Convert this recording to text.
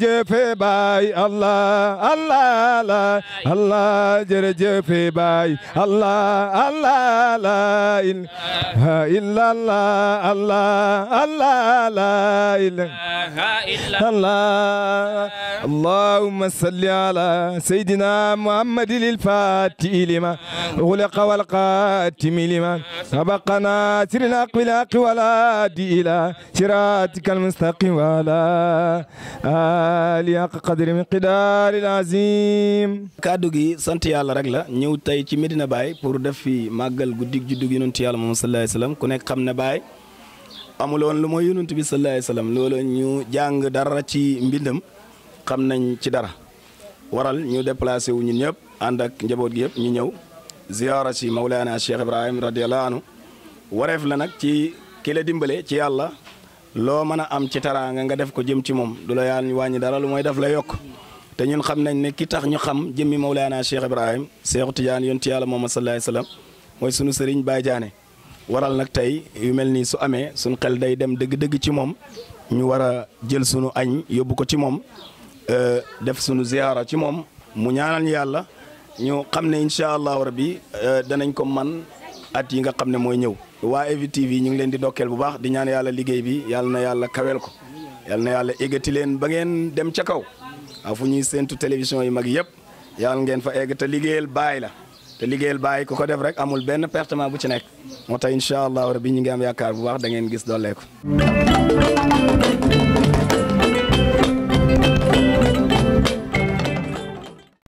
jërëjëfe baay allah allah la allah jërëjëfe baay allah allah la ilaha illallah allah allah la ilaha illallah allahumma salli ala sayyidina muhammadin al-fatihi lima ughliqa wal khatimi lima sabaqa nasiril haqqi bil haqqi wal hadi ila siratikal mustaqim wala li ak qadri min qidaar al azim kaddu gi sant yàlla rek la ñëw tey ci Medina Baye pour def fi màggal guddig juddu gi yonent yàlla moom sallallahu alayhi wasallam ku nekk xam ne Baye amuloon lu mooy yonent bi sallallahu alayhi wasallam loolu ñu jàng dara ci mbindam xam nañ ci dara waral ñu déplacé wu ñun ñëpp ànd ak njaboot gi yëpp ñu ñëw ziyaara ci Mawlana Cheikh Ibrahim radiyallahu anhu wareef la nag ci ki dimbale ci yàlla loo mën a am ci teraanga nga def ko jëm ci moom du la yàlla ñu wàññi dara lu mooy daf la yokk te ñun xam nañ ne ki tax ñu xam jëmmi Mawlaana Cheikh Ibrahim Cheikh Tidiane yonti yàlla Muhammad sallallahu alayhi wasallam mooy sunu sëriñ Baye waral nag tey yu mel ni su amee suñ xel day dem dëgg-dëgg ci moom ñu war a jël sunu añ yóbbu ko ci moom euh, def sunu ziyaara ci moom mu ñaanal yàlla ñu xam ne incha allahu rabbi euh, danañ ko man at yi nga xam ne mooy ñëw. waa Evi TV ñu ngi leen di dokkeel bu baax di ñaan yàlla liggéey bi yàlla na yàlla kawel ko yàlla na yàlla eggati leen ba ngeen dem ca kaw fu ñuy séntu télévision yi mag yëpp yàlla ngeen fa egg te liggéeyal baay la te liggéeyal baay ko ko def rek amul benn pertement bu ci nekk moo tax incha allah rabbi ñu ngi am yaakaar bu baax da ngeen gis dooleeku